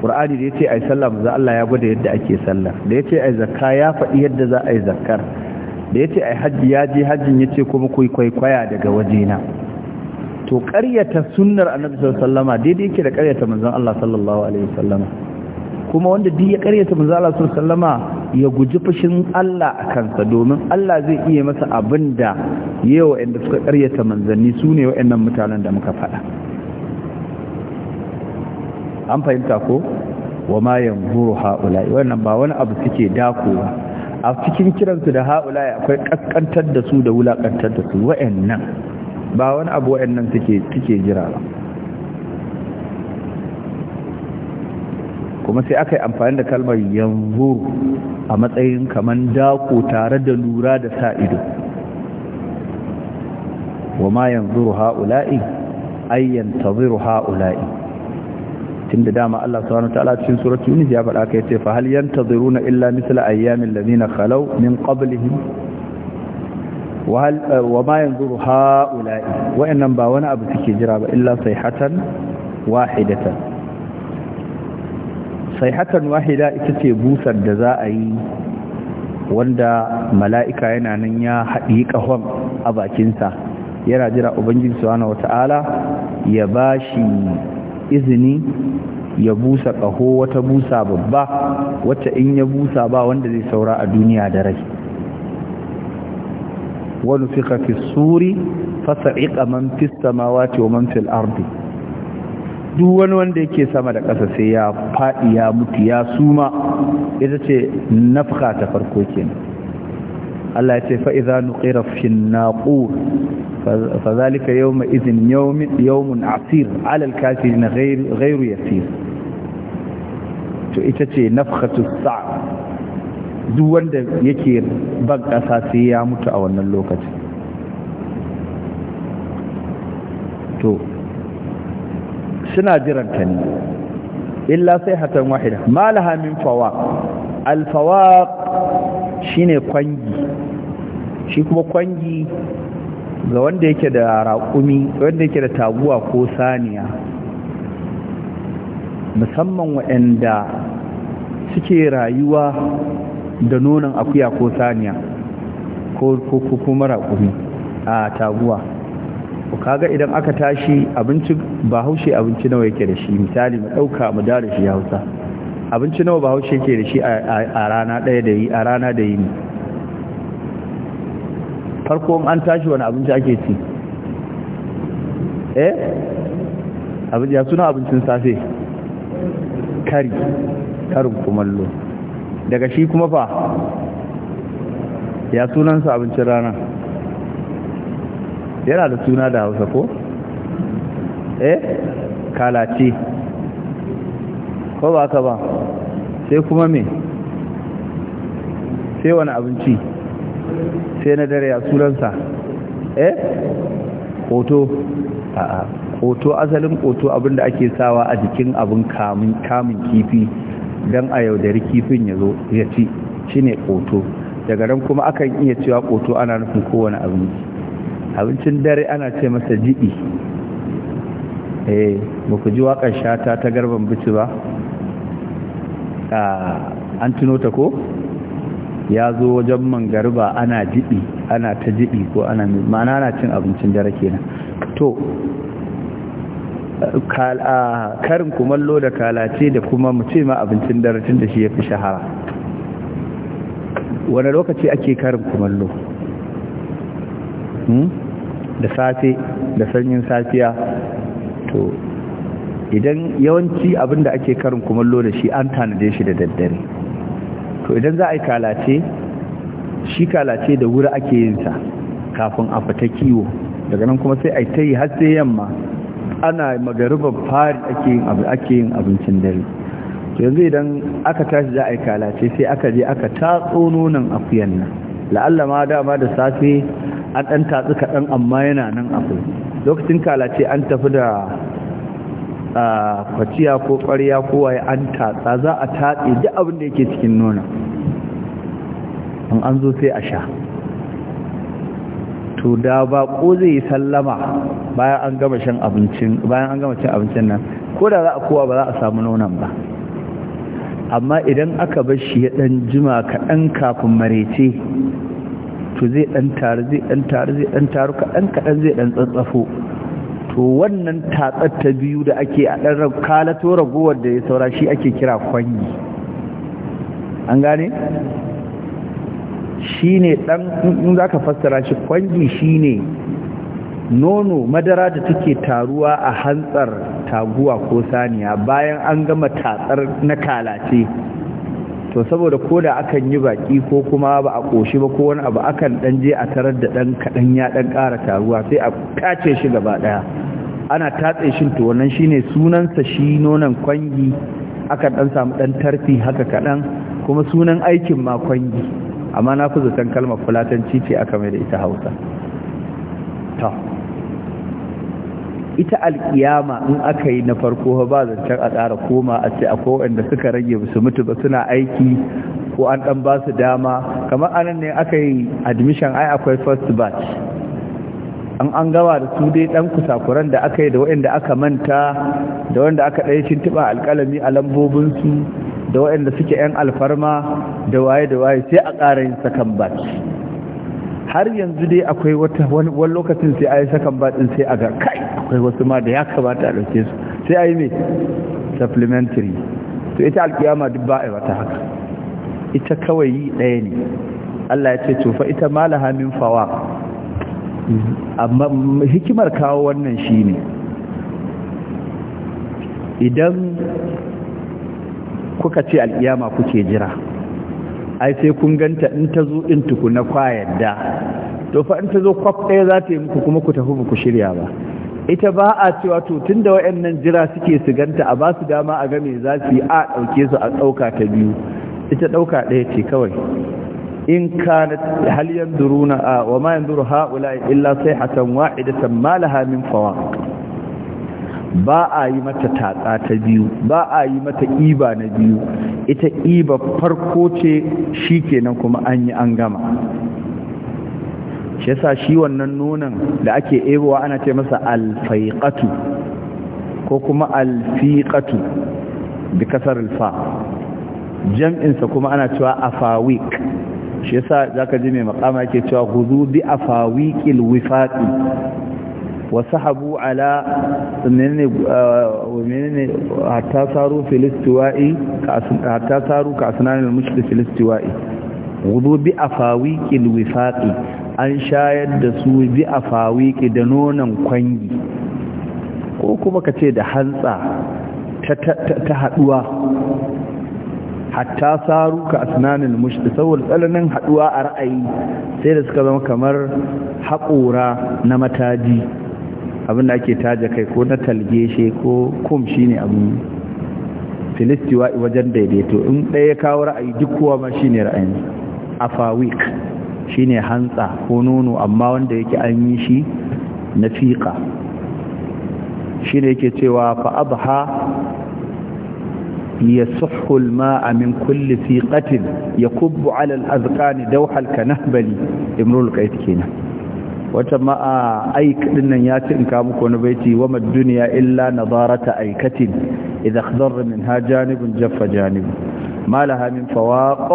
Qur'ani da yace ai sallah manzo Allah ya gwada yadda ake sallah da yace ai zakka ya faɗi yadda za a zakkar da yace ai hajji ya je hajjin yace kuma kwaikwaya daga wajena to ƙaryata sunnar annabi sallama daidai yake da ƙaryata manzon Allah sallallahu alaihi wasallama kuma wanda duk ya ƙaryata manzon Allah sallama ya guji fushin Allah a kansa domin Allah zai iya masa abin da wa inda suka ƙaryata manzanni sune ne mutanen da muka faɗa an fahimta ko wa ma yanzuru haula wannan ba wani abu suke dakowa a cikin kiransu da haula akwai kaskantar da su da wulakantar da su wa'annan ba wani abu waɗannan suke jira ba kuma sai aka yi amfani da kalmar yanzu a matsayin kamar dako tare da lura da sa ido wa ma yanzuru ha'ula'i ay yantaziru ha'ula'i tunda dama Allah subhanahu wa ta'ala cikin suratul yunus ya faɗa kai ce fa hal na illa mithla ayyamin ladina kalau min qablihim Eh, wa ma yanzuru ha'ula'i wa'annan ba wani abu suke jira ba illa sayhatan wahidatan sayhatan wahida ita ce busar da za a yi wanda mala'ika yana nan ya haɗi ƙahon a bakinsa yana jira ubangiji subhanahu wata'ala ya bashi izini ya busa ƙaho wata busa babba wacce in ya busa ba wanda zai saura a duniya da rai wani fika fi suri fasa'iƙa man fi samawati wa man ardi duk wani wanda yake sama da ƙasa sai ya faɗi ya mutu ya suma ita ce nafka ta farko kenan Allah ya ce fa'iza nuƙira fi naƙur fa zalika yau ma izin yawmun asir alal kafiri na gairu yasir to ita ce nafkatu sa'a duk wanda yake ban ƙasa sai ya mutu a wannan lokacin to suna ta ne illa sai hatan wahida malaha min fawa alfawa shine kwangi shi kuma kwangi ga wanda yake da raƙumi wanda yake da taguwa ko saniya musamman waɗanda suke rayuwa da nonon akuya ko saniya ko kuma raƙumi a taguwa kaga idan aka tashi abinci ba haushe abinci nawa yake da shi misali mu ɗauka mu da shi hausa abinci nawa ba haushe yake da shi a rana ɗaya da yi a rana da yi ne farko an tashi wani abinci ake ci eh ya suna abincin safe kari karin kumallo daga shi kuma fa ya sunansa abincin rana yana da suna da hausa ko? eh kalaci ko ba ka ba sai kuma me sai wani abinci sai na dare a sunansa eh hoto a'a hoto asalin hoto abinda ake sawa a jikin abin kamun kifi don a yaudari kifin ya zo ya ci ne ƙoto daga ran kuma akan iya cewa ƙoto ana nufin kowane abinci abincin dare ana ce masa jiɗi e ba ku ji waƙar shata ta garban bici ba ah, an tuno ta ko ya zo wajen Garba ana jiɗi ana ta jiɗi ko ana ma'ana ana cin abincin dare kenan to karin kumallo da kalace da kuma mu ma abincin daratun da shi ya fi shahara wani lokaci ake karin kumallo hmm? da safe da sanyin safiya to idan yawanci abin da ake karin kumallo da shi an tanade shi da daddare to idan za a yi kalace shi kalace da wuri ake yinsa kafin a fita kiwo daga nan kuma sai a yi ta yi har sai yamma ana magariban fari ake yin abincin dare to yanzu idan aka tashi za a yi kalace sai aka je aka tatso nonon akuyan nan la'alla ma dama da safe an ɗan tatsi kaɗan amma yana nan akwai lokacin kalace an tafi da kwaciya ko ƙwariya ko waye an tatsa za a tatse duk abin da yake cikin nonon an zo sai a sha to da ba ko zai sallama bayan an gama shan abincin bayan an gama cin abincin nan ko da za a kowa ba za a samu nonon ba amma idan aka bar shi ya dan jima kaɗan kafin marece to zai dan taru zai dan taru zai dan taru kaɗan kaɗan zai dan tsantsafo to wannan tatsar ta biyu da ake a ɗan kalato ragowar da ya saura shi ake kira kwanyi an gane ne ɗan in ka fassara shi kwangi shine nono madara da take taruwa a hantsar taguwa ko saniya bayan an gama tatsar na kalace to saboda ko da akan yi baki ko kuma ba a koshi ba ko wani abu akan dan je a tarar da ɗan kaɗan ya ɗan ƙara taruwa sai a kace shi gaba daya ana tatse shi to wannan shine sunansa shi nonon kwangi akan ɗan samu ɗan tarfi haka kaɗan kuma sunan aikin ma kwangi amma na fi zaton kalmar fulatanci ce aka mai da ita hausa ta ita alkiyama in aka yi na farko ba zancen a tsara koma a ce akwai wanda suka rage su mutu ba suna aiki ko an dan ba su dama kamar anan ne aka yi admission ai akwai first batch an an gawa da su dai dan kusakuran da aka yi da waɗanda aka manta da wanda aka ɗaya tuntuɓa alƙalami a lambobinsu da waɗanda suke 'yan alfarma da waye da waye sai a ƙara yin sakan bat har yanzu dai akwai wata wani lokacin sai a yi sakan bat ɗin sai a ga kai akwai wasu ma da ya kamata a ɗauke su sai a yi mai supplementary to ita alkiyama duk ba a yi wata haka ita kawai yi ɗaya ne Allah ya ce tufa ita malaha min fawa amma hikimar kawo wannan shi ne idan kuka ce al'iyama kuke jira ai sai kun ganta in ta zo in tuku na kwa yadda to fa in ta zo kwaf ɗaya za ta yi muku kuma ku tafi ku shirya ba ita ba a cewa to tun da wa'annan jira suke su ganta a ba su dama a game za su a ɗauke su a ɗauka ta biyu ita ɗauka ɗaya ce kawai in ka kana hal A. wa ma yanzu ha'ula illa hatan wa'idatan ma laha min fawa ba a yi mata tatsa ta biyu ba a yi mata ƙiba na biyu ita ƙiba farko ce shi kenan kuma an yi an gama shi yasa shi wannan nonon da ake ebowa ana ce masa alfaiƙatu ko kuma alfiƙatu da kasar alfa jam'insa kuma ana cewa afawik shi yasa zaka ji mai makama yake cewa huzu bi afawikil wifaqi Wasu على منين حتى صاروا في الاستواء حتى صاروا كأسنان المشط في الاستواء غضو an shayar da su bi a fawiki da nonon kwangi ko kuma ka ce da hantsa ta haduwa hatta saru ka asnanin mushti saboda tsananin haduwa a ra'ayi sai da suka zama kamar haƙora na mataji abin da ake taje kai ko na talgeshe ko kum shine abin filistiwa wajen daidaito in ɗaya ya kawo ra'ayi duk kowa ma shine ra'ayin afawik shine hantsa ko nono amma wanda yake an yi shi na fiƙa shine yake cewa fa abha min kulle من ya ثيقة يكب azkani الأذقان دوحا كنهبلي امرو القيت كينا wata ma'a aik nan ya ci in ka muku wani baiti wa duniya illa nadarata aikatin idza khadar ha janibun jaffa janib malaha min fawaq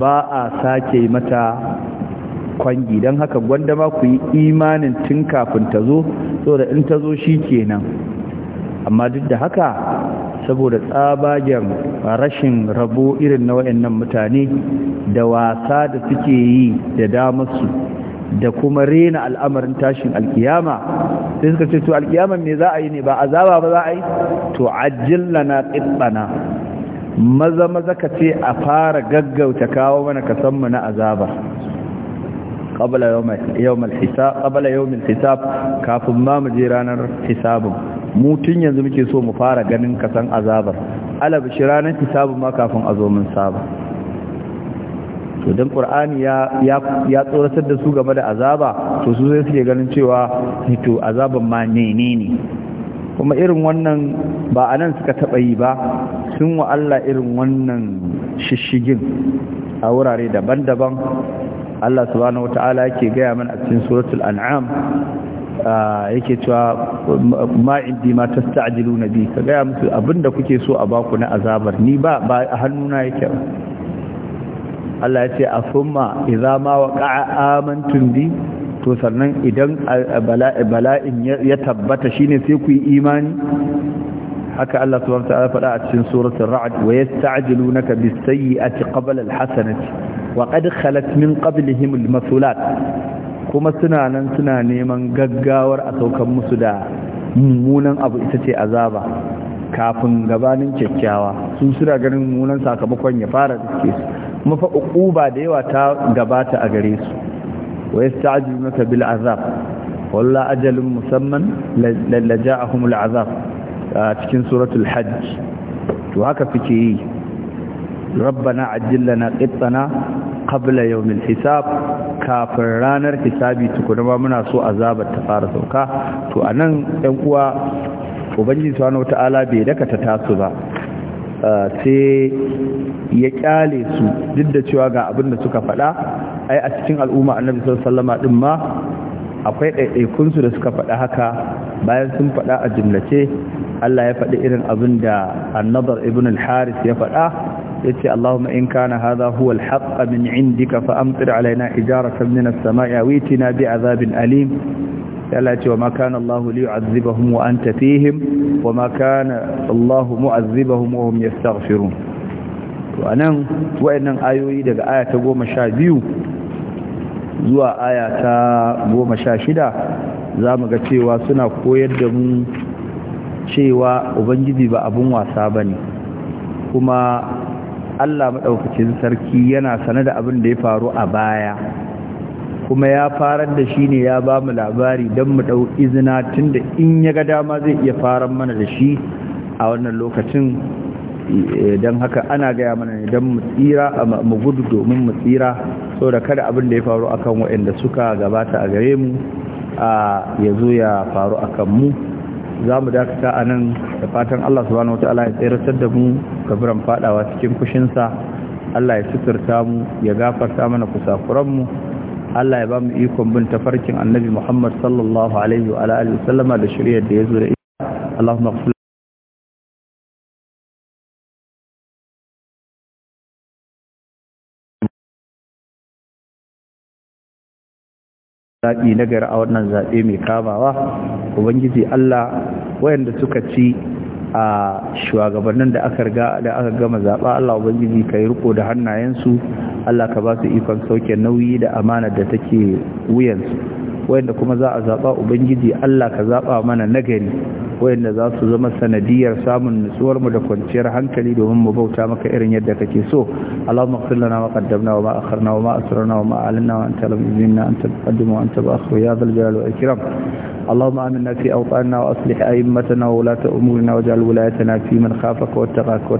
ba a sake mata kwangi dan haka gwanda ma ku yi imanin tun kafin ta zo saboda in ta zo shi kenan amma duk da haka saboda tsabagen rashin rabo irin na wayannan mutane da wasa da suke yi da damar su. da kuma rena al'amarin tashin alkiyama sai suka ce to alkiyaman me za a yi ne ba azaba ba za a yi to ajillana qibbana maza maza ka ce a fara gaggauta kawo mana mu na azaba qabla yawm hisab qabla yawm hisab kafin ma mu je ranar hisabin mu tun yanzu muke so mu fara ganin ka san azabar alab shi ranar hisabin ma kafin a zo to dan qur'ani ya ya tsoratar da su game da azaba to su zai suke ganin cewa to azaban ma ne kuma irin wannan ba a nan suka taba yi ba sun wa Allah irin wannan shishigin a wurare daban-daban Allah subhanahu wata'ala yake gaya mana a cikin suratul an'am yake cewa ma indi ma tasta'jiluna bi ka gaya musu abinda kuke so a baku na azabar ni ba a hannuna yake ba Allah ya ce a summa idza ma waqa'a amantum bi to sannan idan bala'in ya tabbata shine sai ku yi imani haka Allah subhanahu wa ta'ala faɗa a cikin suratul ra'd wa yasta'jilunaka bis-sayyi'ati qabla al-hasanati wa qad khalat min qablihim al-mathulat kuma suna nan suna neman gaggawar a saukan musu da mummunan abu ita ce azaba kafin gabanin kyakkyawa sun suna ganin mummunan sakamakon ya fara dake su kuma fa ba da yawa ta gabata a gare su wa yasta'jilunaka bil azab walla ajalun musamman a al azab a cikin suratul hajj to haka fike yi rabbana ajjil na qittana kabla yawmil hisab kafin ranar hisabi tukuna ma muna so azabar ta fara sauka to a nan ɗan uwa ubangiji subhanahu wataala bai dakata tasu ba sai ya kyale su duk da cewa ga abin da suka faɗa ai a cikin al'umma annabi sallama din ma akwai ɗaiɗaikunsu da suka faɗa haka bayan sun faɗa a jimlace Allah ya faɗi irin abin da annabar ibn al-haris ya faɗa yace ce Allahumma in kana hadha huwa al-haqqa min indika fa amtir alaina hijaratan min as-sama'i awitina bi azabin alim Yala ce wa makana Allah liyu'azzibahum wa anta fihim wa makana Allah mu'azzibahum wa hum yastaghfirun to anan wayannan ayoyi daga aya ta 12 zuwa aya ta 16 zamu ga cewa suna koyar da mu cewa ubangiji ba abun wasa bane kuma Allah madaukakin sarki yana sanar da abin da ya faru a baya kuma ya farar da shi ne ya ba mu labari don mu ɗau izina tun da in ya ga dama zai iya farar mana da shi a wannan lokacin eh, don haka ana gaya mana ne don mu tsira mu gudu domin mu tsira so da kada abin da ya faru akan waɗanda suka gabata a gare mu a ya zo ya faru akan mu za mu dakata a nan da fatan Allah subhanahu wa ta'ala ya tseratar da mu kabiran fadawa cikin kushinsa Allah ya suturta mu ya gafarta mana kusakuran mu Allah ya ba mu ikon bin tafarkin annabi Muhammad sallallahu alaihi wa alihi wasallama da shiriyar da yazo da ita Allahumma zaɓi na gari a wannan zaɓe mai kamawa ubangiji allah wayanda suka ci a shugabannin da aka riga da aka gama zaba Allah ubangiji kai yi riko da hannayensu Allah ka ba su ikon sauke nauyi da amana da take wuyansu wayanda kuma za a zaba ubangiji Allah ka zaba mana nagari wayanda za su zama sanadiyar samun nutsuwar mu da kwanciyar hankali domin mu bauta maka irin yadda kake so Allahumma ighfir lana ma qaddamna wa ma akharna wa ma asrarna wa ma alanna wa anta lam yuzinna anta taqaddimu wa anta ta'akhir ya dhal jalali wal ikram اللهم آمنا في أوطاننا وأصلح أئمتنا وولاة أمورنا واجعل ولايتنا في من خافك واتقاك